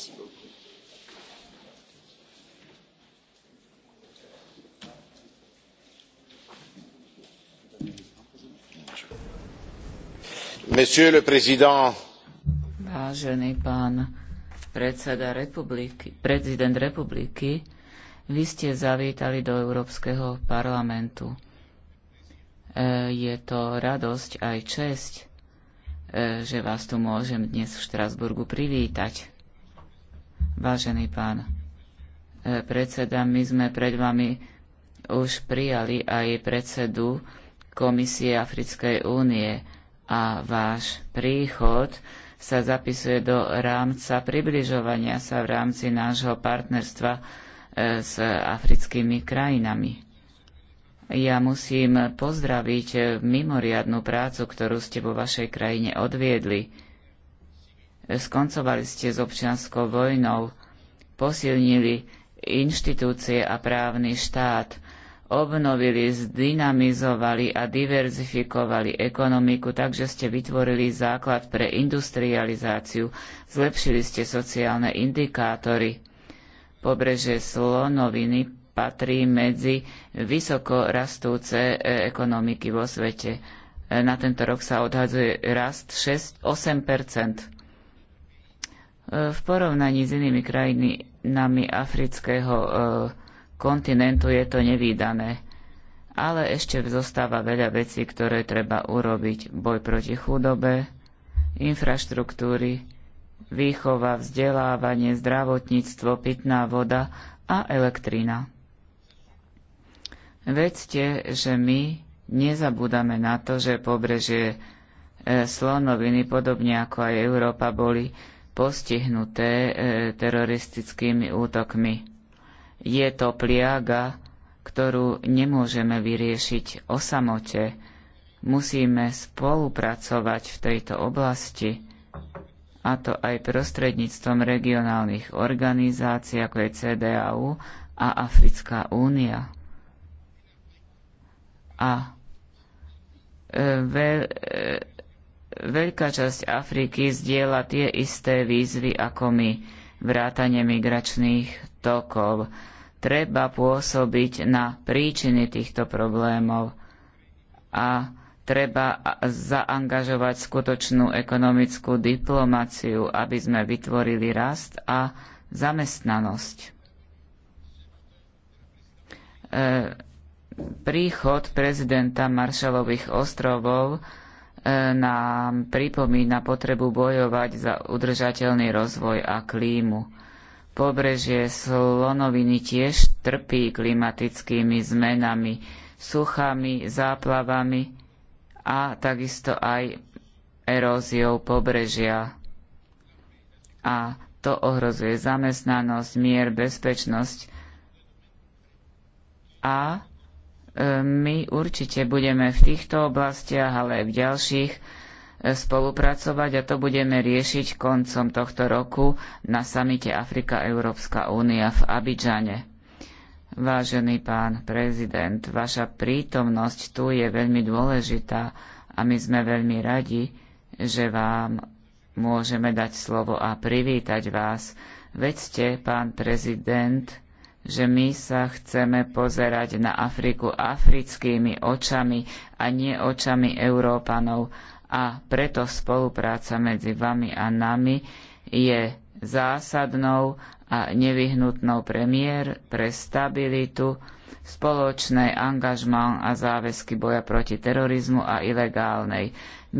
Merci beaucoup. Monsieur le Président, Vážený pán predseda republiky, prezident republiky, vy ste zavítali do Európskeho parlamentu. E, je to radosť aj česť, e, že vás tu môžem dnes v Štrasburgu privítať. Vážený pán e, predseda, my sme pred vami už prijali aj predsedu Komisie Africkej únie a váš príchod sa zapisuje do rámca približovania sa v rámci nášho partnerstva e, s africkými krajinami. Ja musím pozdraviť mimoriadnú prácu, ktorú ste vo vašej krajine odviedli skoncovali ste s občianskou vojnou, posilnili inštitúcie a právny štát, obnovili, zdynamizovali a diverzifikovali ekonomiku, takže ste vytvorili základ pre industrializáciu, zlepšili ste sociálne indikátory. Pobreže Slonoviny patrí medzi vysoko rastúce e, ekonomiky vo svete. E, na tento rok sa odhadzuje rast 6, 8 v porovnaní s inými krajinami afrického e, kontinentu je to nevýdané. Ale ešte zostáva veľa vecí, ktoré treba urobiť. Boj proti chudobe, infraštruktúry, výchova, vzdelávanie, zdravotníctvo, pitná voda a elektrina. Vedzte, že my nezabúdame na to, že pobrežie e, slonoviny, podobne ako aj Európa, boli postihnuté e, teroristickými útokmi. Je to pliaga, ktorú nemôžeme vyriešiť o samote. Musíme spolupracovať v tejto oblasti, a to aj prostredníctvom regionálnych organizácií, ako je CDAU a Africká únia. A e, ve, e, Veľká časť Afriky zdieľa tie isté výzvy ako my, vrátanie migračných tokov. Treba pôsobiť na príčiny týchto problémov a treba zaangažovať skutočnú ekonomickú diplomáciu, aby sme vytvorili rast a zamestnanosť. E, príchod prezidenta Maršalových ostrovov nám pripomína potrebu bojovať za udržateľný rozvoj a klímu. Pobrežie slonoviny tiež trpí klimatickými zmenami, suchami, záplavami a takisto aj eróziou pobrežia. A to ohrozuje zamestnanosť, mier, bezpečnosť a E, my určite budeme v týchto oblastiach, ale aj v ďalších e, spolupracovať a to budeme riešiť koncom tohto roku na samite Afrika-Európska únia v Abidžane. Vážený pán prezident, vaša prítomnosť tu je veľmi dôležitá a my sme veľmi radi, že vám môžeme dať slovo a privítať vás. Veď ste, pán prezident, že my sa chceme pozerať na Afriku africkými očami a nie očami Európanov. A preto spolupráca medzi vami a nami je zásadnou a nevyhnutnou premiér pre stabilitu, spoločné angažmán a záväzky boja proti terorizmu a ilegálnej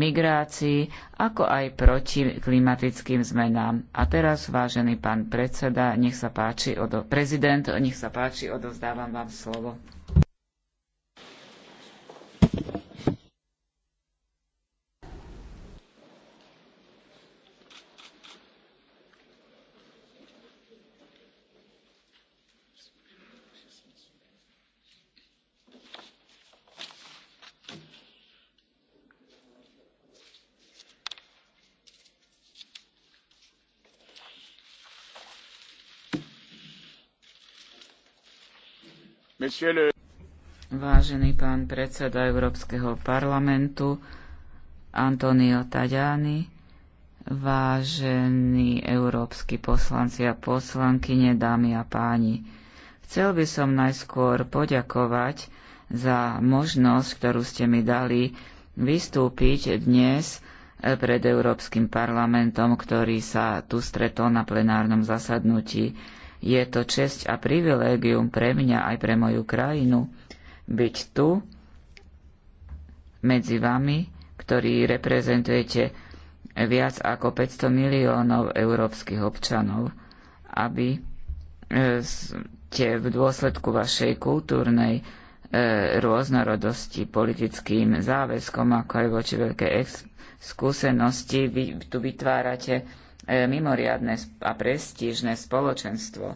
migrácii, ako aj proti klimatickým zmenám. A teraz, vážený pán predseda, nech sa páči, odo- prezident, nech sa páči, odovzdávam vám slovo. Vážený pán predseda Európskeho parlamentu Antonio Tajani, vážení európsky poslanci a poslankyne, dámy a páni. Chcel by som najskôr poďakovať za možnosť, ktorú ste mi dali vystúpiť dnes eh, pred Európskym parlamentom, ktorý sa tu stretol na plenárnom zasadnutí je to česť a privilégium pre mňa aj pre moju krajinu byť tu medzi vami, ktorí reprezentujete viac ako 500 miliónov európskych občanov, aby e, ste v dôsledku vašej kultúrnej e, rôznorodosti, politickým záväzkom, ako aj voči veľkej skúsenosti, vy tu vytvárate E, mimoriadne a prestížne spoločenstvo.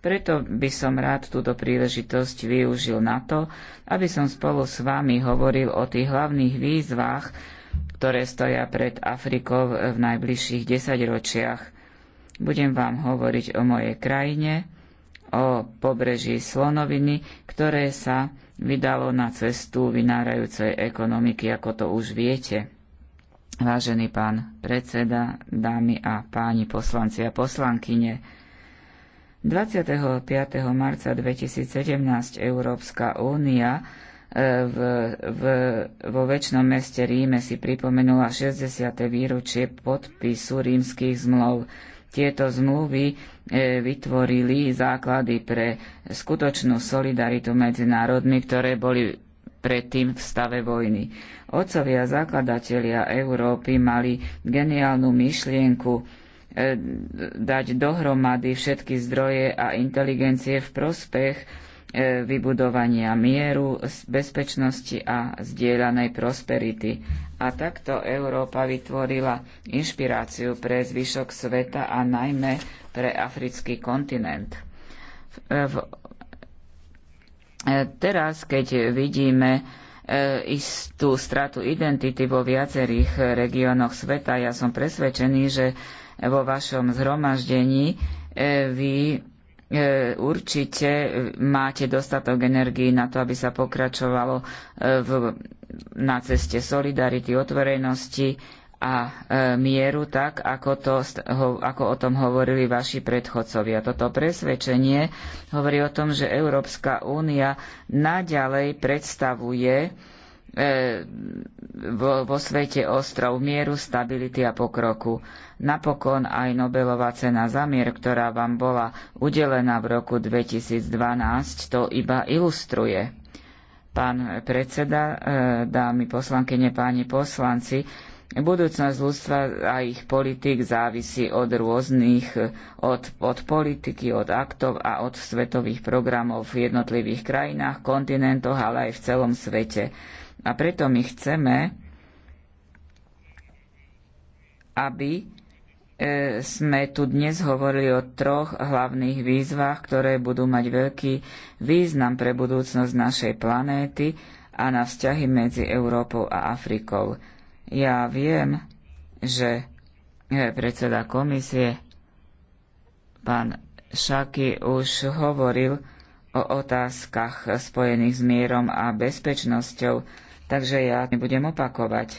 Preto by som rád túto príležitosť využil na to, aby som spolu s vami hovoril o tých hlavných výzvách, ktoré stoja pred Afrikou v najbližších desaťročiach. Budem vám hovoriť o mojej krajine, o pobreží Slonoviny, ktoré sa vydalo na cestu vynárajúcej ekonomiky, ako to už viete. Vážený pán predseda, dámy a páni poslanci a poslankyne, 25. marca 2017 Európska únia e, v, v, vo väčšnom meste Ríme si pripomenula 60. výročie podpisu rímskych zmluv. Tieto zmluvy e, vytvorili základy pre skutočnú solidaritu medzi národmi, ktoré boli predtým v stave vojny. Ocovia zakladatelia Európy mali geniálnu myšlienku e, dať dohromady všetky zdroje a inteligencie v prospech e, vybudovania mieru, bezpečnosti a zdieľanej prosperity. A takto Európa vytvorila inšpiráciu pre zvyšok sveta a najmä pre africký kontinent. v e, E, teraz, keď vidíme e, istú stratu identity vo viacerých regiónoch sveta, ja som presvedčený, že vo vašom zhromaždení e, vy určite máte dostatok energií na to, aby sa pokračovalo v, na ceste solidarity, otvorenosti a e, mieru, tak ako, to, ako o tom hovorili vaši predchodcovia. Toto presvedčenie hovorí o tom, že Európska únia naďalej predstavuje e, vo, vo svete ostrov mieru, stability a pokroku. Napokon aj Nobelová cena za mier, ktorá vám bola udelená v roku 2012, to iba ilustruje. Pán predseda, e, dámy poslankyne, páni poslanci, Budúcnosť ľudstva a ich politik závisí od rôznych, od, od politiky, od aktov a od svetových programov v jednotlivých krajinách, kontinentoch, ale aj v celom svete. A preto my chceme, aby e, sme tu dnes hovorili o troch hlavných výzvach, ktoré budú mať veľký význam pre budúcnosť našej planéty a na vzťahy medzi Európou a Afrikou. Ja viem, že predseda komisie, pán Šaky, už hovoril o otázkach spojených s mierom a bezpečnosťou, takže ja nebudem opakovať.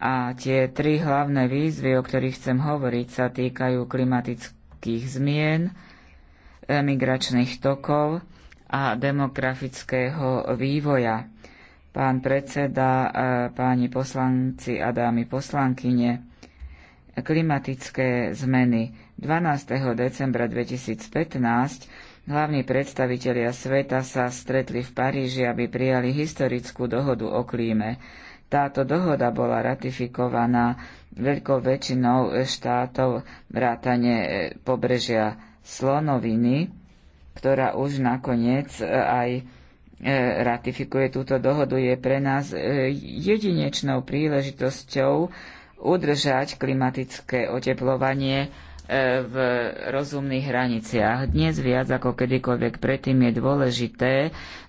A tie tri hlavné výzvy, o ktorých chcem hovoriť, sa týkajú klimatických zmien, migračných tokov a demografického vývoja pán predseda, páni poslanci a dámy poslankyne. Klimatické zmeny 12. decembra 2015 hlavní predstavitelia sveta sa stretli v Paríži, aby prijali historickú dohodu o klíme. Táto dohoda bola ratifikovaná veľkou väčšinou štátov vrátane e, pobrežia Slonoviny, ktorá už nakoniec e, aj E, ratifikuje túto dohodu, je pre nás e, jedinečnou príležitosťou udržať klimatické oteplovanie e, v rozumných hraniciach. Dnes viac ako kedykoľvek predtým je dôležité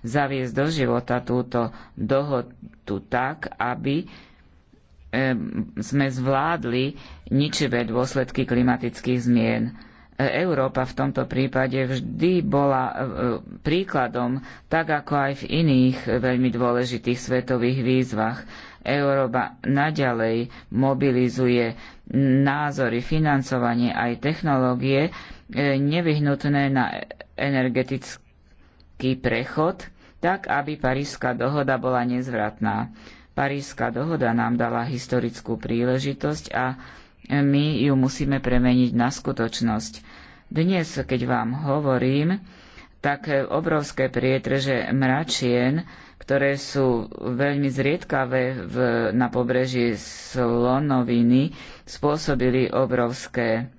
zaviesť do života túto dohodu tak, aby sme zvládli ničivé dôsledky klimatických zmien. Európa v tomto prípade vždy bola e, príkladom, tak ako aj v iných veľmi dôležitých svetových výzvach. Európa naďalej mobilizuje názory, financovanie aj technológie e, nevyhnutné na energetický prechod, tak aby Parížská dohoda bola nezvratná. Parížská dohoda nám dala historickú príležitosť a my ju musíme premeniť na skutočnosť. Dnes, keď vám hovorím, tak obrovské prietrže mračien, ktoré sú veľmi zriedkavé v, na pobreží Slonoviny, spôsobili obrovské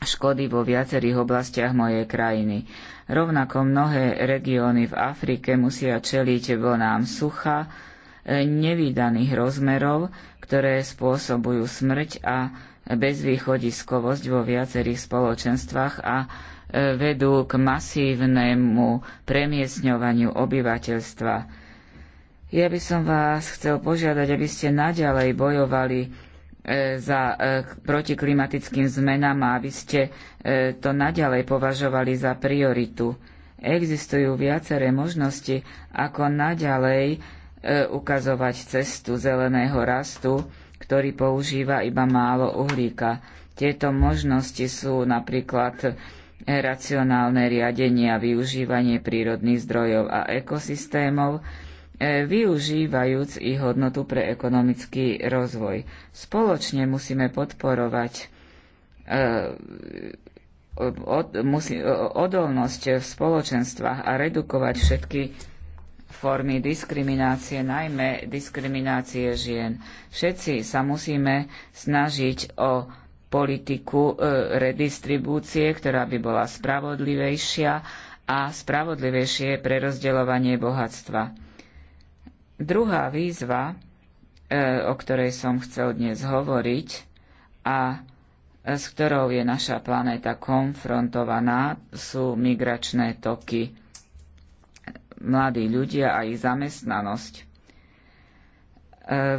škody vo viacerých oblastiach mojej krajiny. Rovnako mnohé regióny v Afrike musia čeliť nám sucha, nevýdaných rozmerov, ktoré spôsobujú smrť a bezvýchodiskovosť vo viacerých spoločenstvách a e, vedú k masívnemu premiesňovaniu obyvateľstva. Ja by som vás chcel požiadať, aby ste naďalej bojovali e, za, e, protiklimatickým zmenám a aby ste to naďalej považovali za prioritu. Existujú viaceré možnosti, ako naďalej E, ukazovať cestu zeleného rastu, ktorý používa iba málo uhlíka. Tieto možnosti sú napríklad racionálne riadenie a využívanie prírodných zdrojov a ekosystémov, e, využívajúc ich hodnotu pre ekonomický rozvoj. Spoločne musíme podporovať e, odolnosť v spoločenstvách a redukovať všetky formy diskriminácie, najmä diskriminácie žien. Všetci sa musíme snažiť o politiku e, redistribúcie, ktorá by bola spravodlivejšia a spravodlivejšie rozdeľovanie bohatstva. Druhá výzva, e, o ktorej som chcel dnes hovoriť a s ktorou je naša planéta konfrontovaná, sú migračné toky mladí ľudia a ich zamestnanosť. E,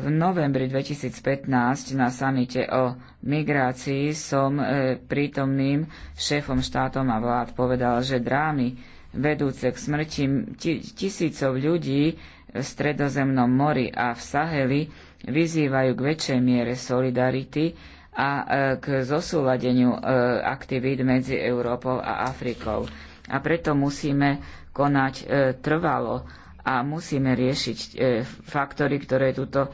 v novembri 2015 na samite o migrácii som e, prítomným šéfom štátom a vlád povedal, že drámy vedúce k smrti tisícov ľudí v Stredozemnom mori a v Saheli vyzývajú k väčšej miere solidarity a e, k zosúladeniu aktivít medzi Európou a Afrikou. A preto musíme konať e, trvalo a musíme riešiť e, faktory, ktoré túto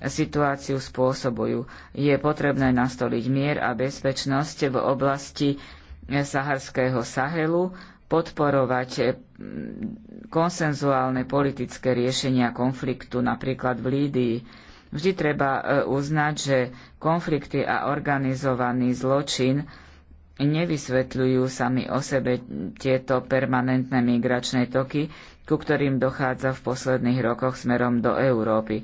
situáciu spôsobujú. Je potrebné nastoliť mier a bezpečnosť v oblasti e, saharského Sahelu, podporovať e, konsenzuálne politické riešenia konfliktu, napríklad v Lídii. Vždy treba e, uznať, že konflikty a organizovaný zločin nevysvetľujú sami o sebe tieto permanentné migračné toky, ku ktorým dochádza v posledných rokoch smerom do Európy.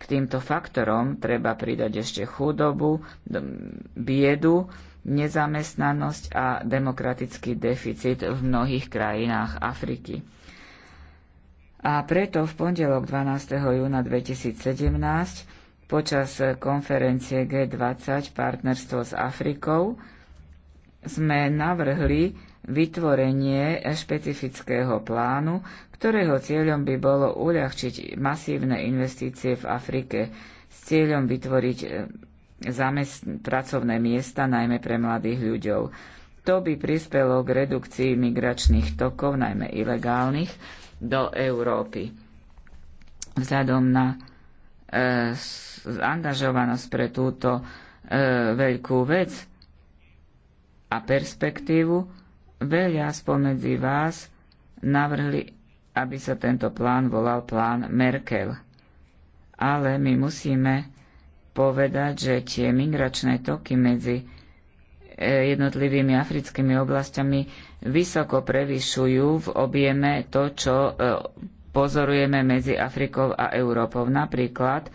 K týmto faktorom treba pridať ešte chudobu, biedu, nezamestnanosť a demokratický deficit v mnohých krajinách Afriky. A preto v pondelok 12. júna 2017 počas konferencie G20 Partnerstvo s Afrikou sme navrhli vytvorenie špecifického plánu, ktorého cieľom by bolo uľahčiť masívne investície v Afrike s cieľom vytvoriť e, zamest- pracovné miesta najmä pre mladých ľuďov. To by prispelo k redukcii migračných tokov, najmä ilegálnych, do Európy. Vzhľadom na e, angažovanosť pre túto e, veľkú vec, a perspektívu, veľa spomedzi vás navrhli, aby sa tento plán volal plán Merkel. Ale my musíme povedať, že tie migračné toky medzi e, jednotlivými africkými oblastiami vysoko prevyšujú v objeme to, čo e, pozorujeme medzi Afrikou a Európou. Napríklad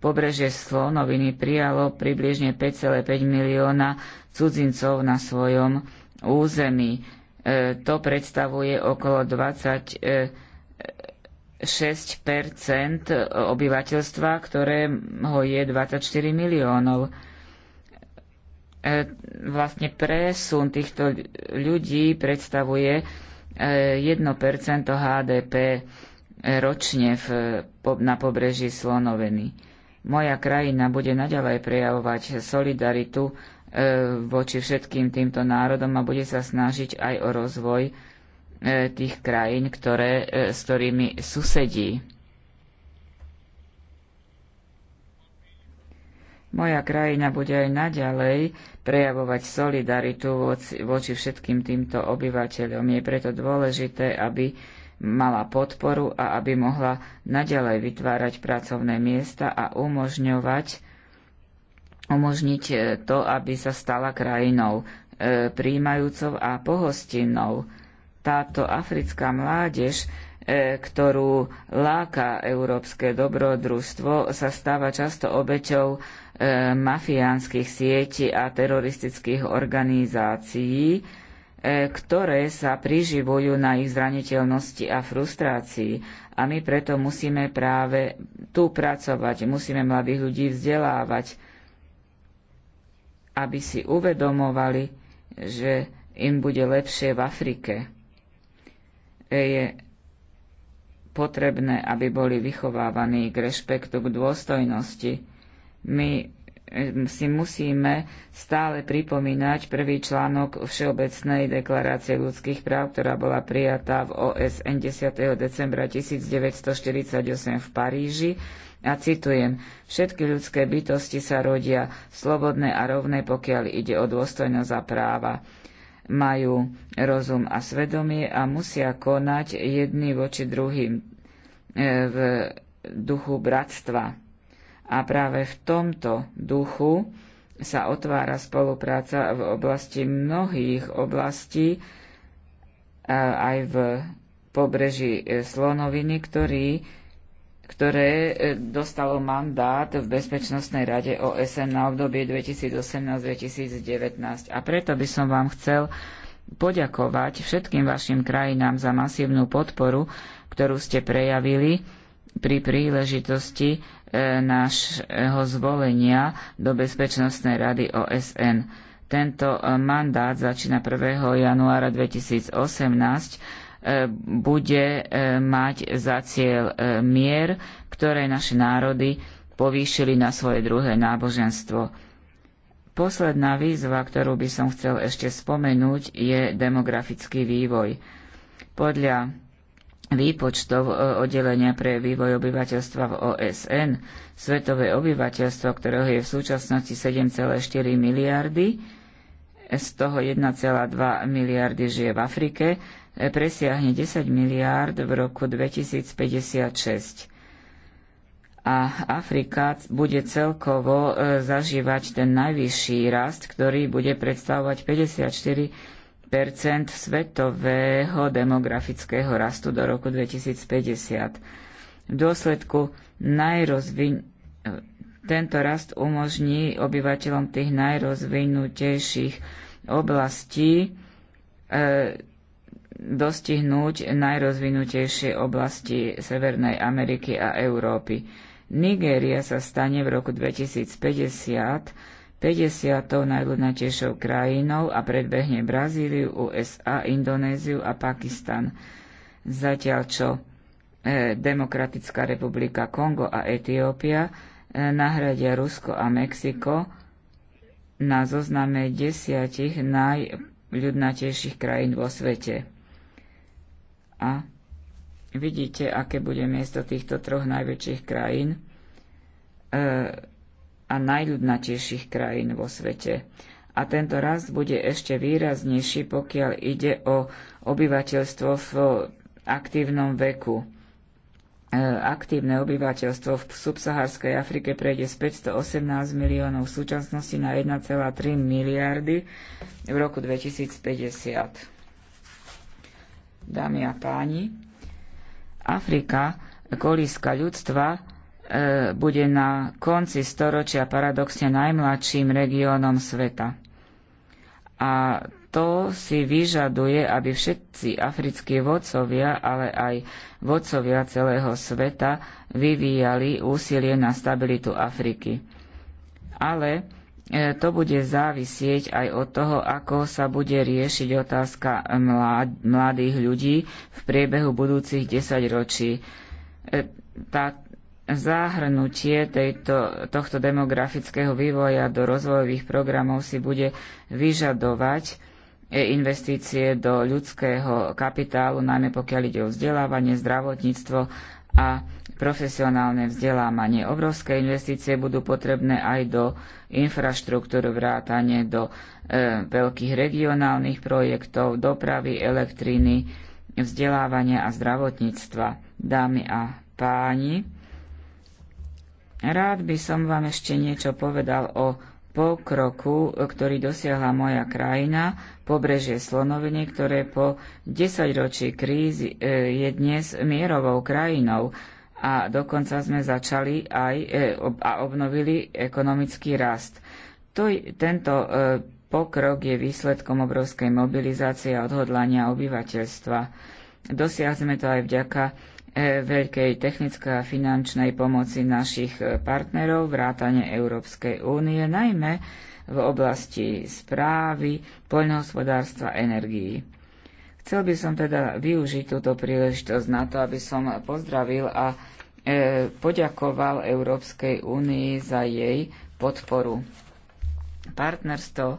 Pobrežie Slonoviny prijalo približne 5,5 milióna cudzincov na svojom území. E, to predstavuje okolo 26 e, obyvateľstva, ktorého je 24 miliónov e, vlastne presun týchto ľudí predstavuje 1% e, HDP ročne v, na pobreží Slonoviny. Moja krajina bude naďalej prejavovať solidaritu e, voči všetkým týmto národom a bude sa snažiť aj o rozvoj e, tých krajín, ktoré, e, s ktorými susedí. Moja krajina bude aj naďalej prejavovať solidaritu voči všetkým týmto obyvateľom. Je preto dôležité, aby mala podporu a aby mohla naďalej vytvárať pracovné miesta a umožňovať umožniť e, to, aby sa stala krajinou e, príjmajúcov a pohostinnou. Táto africká mládež, e, ktorú láka európske dobrodružstvo, sa stáva často obeťou e, mafiánskych sietí a teroristických organizácií, E, ktoré sa priživujú na ich zraniteľnosti a frustrácii. A my preto musíme práve tu pracovať, musíme mladých ľudí vzdelávať, aby si uvedomovali, že im bude lepšie v Afrike. E, je potrebné, aby boli vychovávaní k rešpektu, k dôstojnosti. My si musíme stále pripomínať prvý článok Všeobecnej deklarácie ľudských práv, ktorá bola prijatá v OSN 10. decembra 1948 v Paríži. A citujem, všetky ľudské bytosti sa rodia slobodné a rovné, pokiaľ ide o dôstojnosť a práva. Majú rozum a svedomie a musia konať jedni voči druhým e, v duchu bratstva. A práve v tomto duchu sa otvára spolupráca v oblasti mnohých oblastí, e, aj v pobreží e, Slonoviny, ktorý, ktoré e, dostalo mandát v Bezpečnostnej rade OSN na obdobie 2018-2019. A preto by som vám chcel poďakovať všetkým vašim krajinám za masívnu podporu, ktorú ste prejavili pri príležitosti e, nášho zvolenia do Bezpečnostnej rady OSN. Tento e, mandát začína 1. januára 2018 e, bude mať za cieľ mier, ktoré naše národy povýšili na svoje druhé náboženstvo. Posledná výzva, ktorú by som chcel ešte spomenúť, je demografický vývoj. Podľa výpočtov e, oddelenia pre vývoj obyvateľstva v OSN, svetové obyvateľstvo, ktorého je v súčasnosti 7,4 miliardy, z toho 1,2 miliardy žije v Afrike, e, presiahne 10 miliárd v roku 2056. A Afrika bude celkovo e, zažívať ten najvyšší rast, ktorý bude predstavovať 54 percent svetového demografického rastu do roku 2050. V dôsledku najrozvin... tento rast umožní obyvateľom tých najrozvinutejších oblastí e, dostihnúť najrozvinutejšie oblasti Severnej Ameriky a Európy. Nigéria sa stane v roku 2050 50. najľudnatejšou krajinou a predbehne Brazíliu, USA, Indonéziu a Pakistan. Zatiaľ čo e, Demokratická republika Kongo a Etiópia e, nahradia Rusko a Mexiko na zozname desiatich najľudnatejších krajín vo svete. A vidíte, aké bude miesto týchto troch najväčších krajín. E, a najľudnatejších krajín vo svete. A tento rast bude ešte výraznejší, pokiaľ ide o obyvateľstvo v aktívnom veku. E, aktívne obyvateľstvo v subsaharskej Afrike prejde z 518 miliónov v súčasnosti na 1,3 miliardy v roku 2050 dámy a páni, Afrika, kolíska ľudstva, E, bude na konci storočia paradoxne najmladším regiónom sveta. A to si vyžaduje, aby všetci africkí vodcovia, ale aj vodcovia celého sveta vyvíjali úsilie na stabilitu Afriky. Ale e, to bude závisieť aj od toho, ako sa bude riešiť otázka mladých ľudí v priebehu budúcich desaťročí. E, tá Záhrnutie tejto, tohto demografického vývoja do rozvojových programov si bude vyžadovať e, investície do ľudského kapitálu, najmä pokiaľ ide o vzdelávanie, zdravotníctvo a profesionálne vzdelávanie. Obrovské investície budú potrebné aj do infraštruktúry, vrátane do e, veľkých regionálnych projektov, dopravy, elektriny, vzdelávania a zdravotníctva. Dámy a páni, Rád by som vám ešte niečo povedal o pokroku, ktorý dosiahla moja krajina, pobrežie Slonoviny, ktoré po desaťročí krízy e, je dnes mierovou krajinou a dokonca sme začali aj e, a obnovili ekonomický rast. To, tento e, pokrok je výsledkom obrovskej mobilizácie a odhodlania obyvateľstva. Dosiahli sme to aj vďaka E, veľkej technickej a finančnej pomoci našich e, partnerov, vrátane Európskej únie, najmä v oblasti správy, poľnohospodárstva, energií. Chcel by som teda využiť túto príležitosť na to, aby som pozdravil a e, poďakoval Európskej únii za jej podporu. Partnerstvo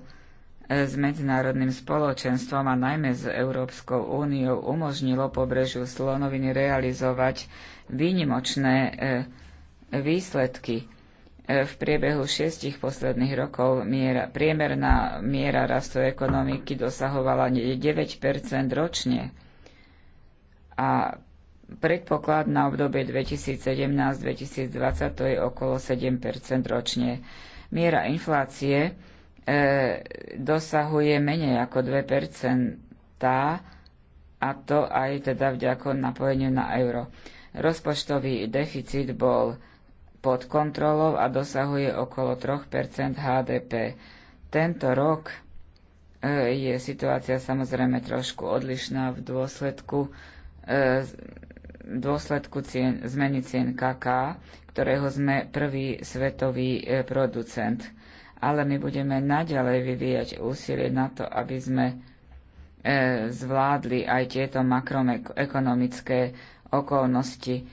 s medzinárodným spoločenstvom a najmä s Európskou úniou umožnilo pobrežiu Slonoviny realizovať výnimočné eh, výsledky. Eh, v priebehu šiestich posledných rokov miera, priemerná miera rastu ekonomiky dosahovala 9 ročne a predpoklad na obdobie 2017-2020 to je okolo 7 ročne. Miera inflácie E, dosahuje menej ako 2% a to aj teda vďako napojeniu na euro. Rozpočtový deficit bol pod kontrolou a dosahuje okolo 3% HDP. Tento rok e, je situácia samozrejme trošku odlišná v dôsledku, v e, dôsledku cien, zmeny cien KK, ktorého sme prvý svetový producent ale my budeme naďalej vyvíjať úsilie na to, aby sme e, zvládli aj tieto makroekonomické okolnosti. E,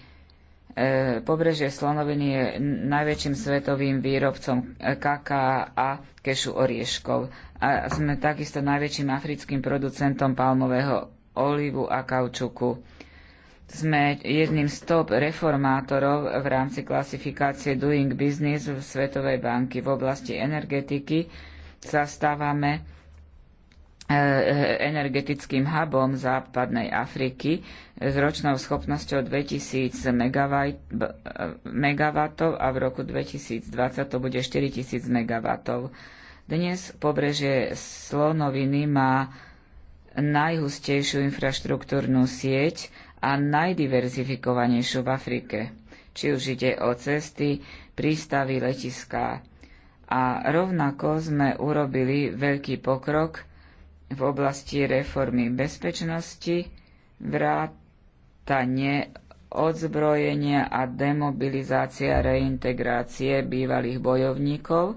pobrežie Slonoviny je najväčším svetovým výrobcom kaká a kešu orieškov. A sme takisto najväčším africkým producentom palmového olivu a kaučuku sme jedným z top reformátorov v rámci klasifikácie Doing Business v Svetovej banky. V oblasti energetiky sa stávame e, e, energetickým hubom západnej Afriky s ročnou schopnosťou 2000 MW e, a v roku 2020 to bude 4000 MW. Dnes pobrežie Slonoviny má najhustejšiu infraštruktúrnu sieť a najdiverzifikovanejšiu v Afrike, či už ide o cesty, prístavy, letiská. A rovnako sme urobili veľký pokrok v oblasti reformy bezpečnosti, vrátanie odzbrojenia a demobilizácia reintegrácie bývalých bojovníkov, e,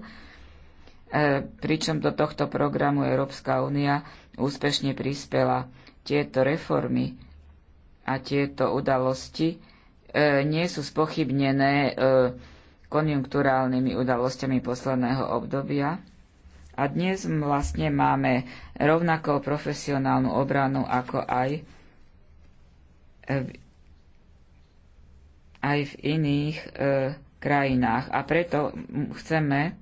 pričom do tohto programu Európska únia úspešne prispela. Tieto reformy a tieto udalosti e, nie sú spochybnené e, konjunkturálnymi udalosťami posledného obdobia. A dnes vlastne máme rovnako profesionálnu obranu ako aj v, aj v iných e, krajinách. A preto chceme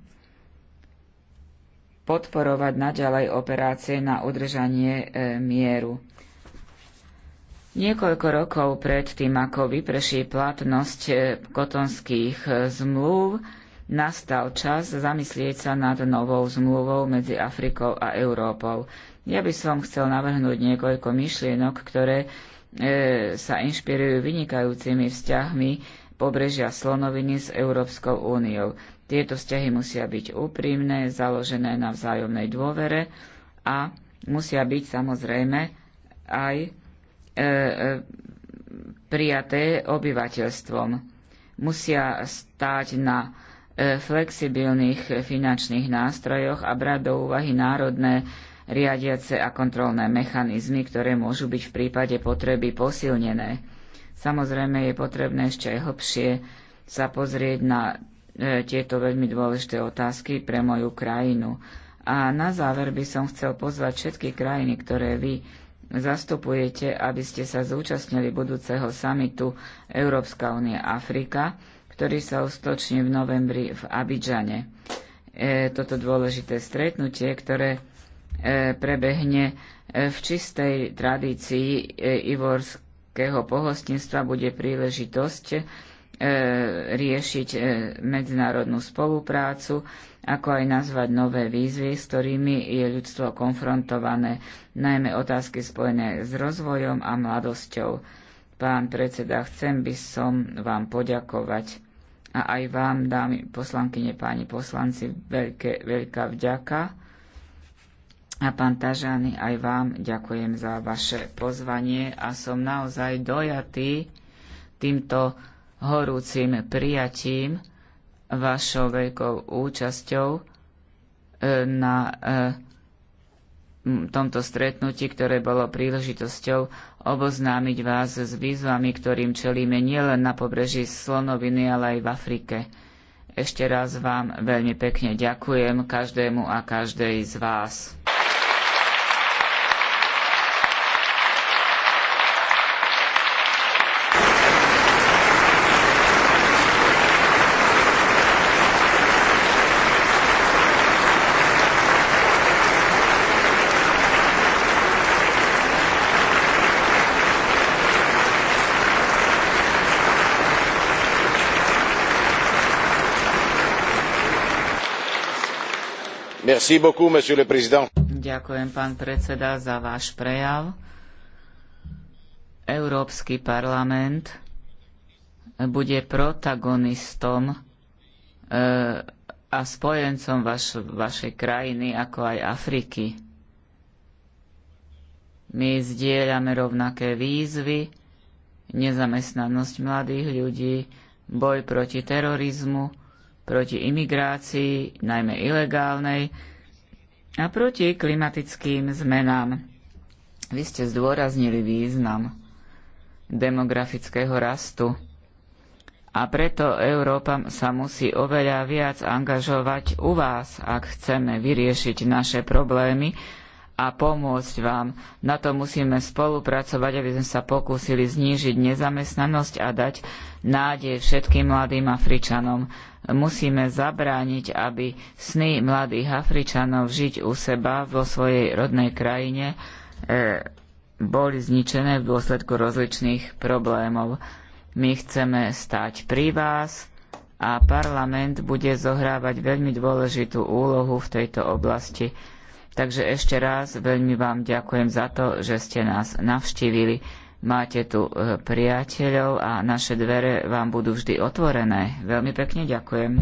podporovať naďalej operácie na udržanie e, mieru. Niekoľko rokov pred tým, ako vyprší platnosť e, kotonských e, zmluv, nastal čas zamyslieť sa nad novou zmluvou medzi Afrikou a Európou. Ja by som chcel navrhnúť niekoľko myšlienok, ktoré e, sa inšpirujú vynikajúcimi vzťahmi pobrežia Slonoviny s Európskou úniou. Tieto vzťahy musia byť úprimné, založené na vzájomnej dôvere a musia byť samozrejme aj E, e, prijaté obyvateľstvom. Musia stáť na e, flexibilných finančných nástrojoch a brať do úvahy národné riadiace a kontrolné mechanizmy, ktoré môžu byť v prípade potreby posilnené. Samozrejme je potrebné ešte aj hlbšie sa pozrieť na tieto veľmi dôležité otázky pre moju krajinu. A na záver by som chcel pozvať všetky krajiny, ktoré vy zastupujete, aby ste sa zúčastnili budúceho samitu Európska únia Afrika, ktorý sa ustoční v novembri v Abidžane. E, toto dôležité stretnutie, ktoré e, prebehne e, v čistej tradícii e, ivorského pohostinstva, bude príležitosť E, riešiť e, medzinárodnú spoluprácu, ako aj nazvať nové výzvy, s ktorými je ľudstvo konfrontované, najmä otázky spojené s rozvojom a mladosťou. Pán predseda, chcem by som vám poďakovať a aj vám, dámy poslankyne, páni poslanci, veľké, veľká vďaka. A pán Tažany, aj vám ďakujem za vaše pozvanie a som naozaj dojatý týmto horúcim prijatím, vašou veľkou účasťou e, na e, tomto stretnutí, ktoré bolo príležitosťou oboznámiť vás s výzvami, ktorým čelíme nielen na pobreží Slonoviny, ale aj v Afrike. Ešte raz vám veľmi pekne ďakujem každému a každej z vás. Beaucoup, Ďakujem, pán predseda, za váš prejav. Európsky parlament bude protagonistom e, a spojencom vaš, vašej krajiny, ako aj Afriky. My zdieľame rovnaké výzvy, nezamestnanosť mladých ľudí, boj proti terorizmu, proti imigrácii, najmä ilegálnej, a proti klimatickým zmenám. Vy ste zdôraznili význam demografického rastu. A preto Európa sa musí oveľa viac angažovať u vás, ak chceme vyriešiť naše problémy, a pomôcť vám. Na to musíme spolupracovať, aby sme sa pokúsili znížiť nezamestnanosť a dať nádej všetkým mladým Afričanom. Musíme zabrániť, aby sny mladých Afričanov žiť u seba vo svojej rodnej krajine e, boli zničené v dôsledku rozličných problémov. My chceme stať pri vás a parlament bude zohrávať veľmi dôležitú úlohu v tejto oblasti. Takže ešte raz veľmi vám ďakujem za to, že ste nás navštívili. Máte tu e, priateľov a naše dvere vám budú vždy otvorené. Veľmi pekne ďakujem.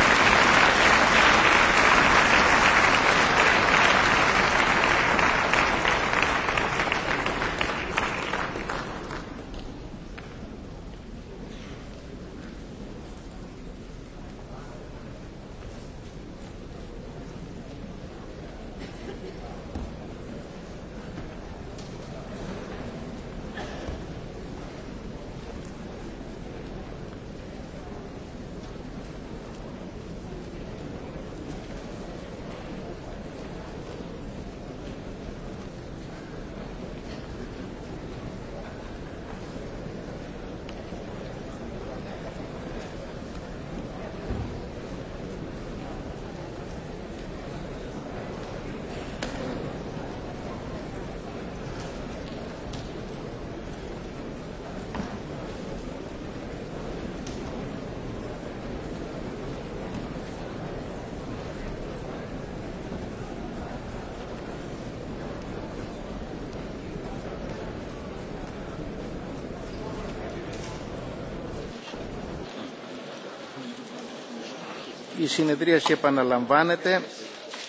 συνεδρίαση επαναλαμβάνεται.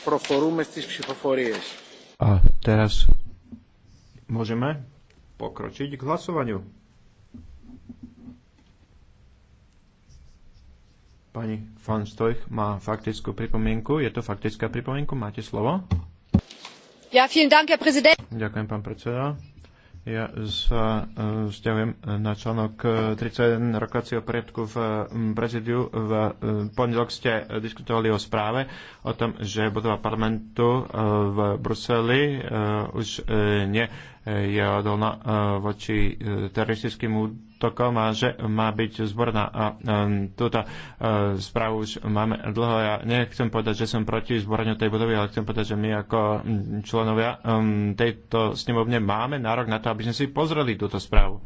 Προχωρούμε στις ψηφοφορίες. A teraz môžeme pokročiť k hlasovaniu. Pani van Stoich má faktickú pripomienku. Je to faktická pripomienka? Máte slovo? Ja, vielen Dank, Herr Präsident. Ďakujem, pán predseda ja sa e, vzťahujem na článok 31 e, rokovacieho poriadku v prezidiu. V e, pondelok ste diskutovali o správe o tom, že budova parlamentu v Bruseli už nie je odolná e, voči e, teroristickým útokom a že má byť zborná. A e, túto správu už máme dlho. Ja nechcem povedať, že som proti zboraniu tej budovy, ale chcem povedať, že my ako mm, členovia mm, tejto snemovne máme nárok na to, aby sme si pozreli túto správu.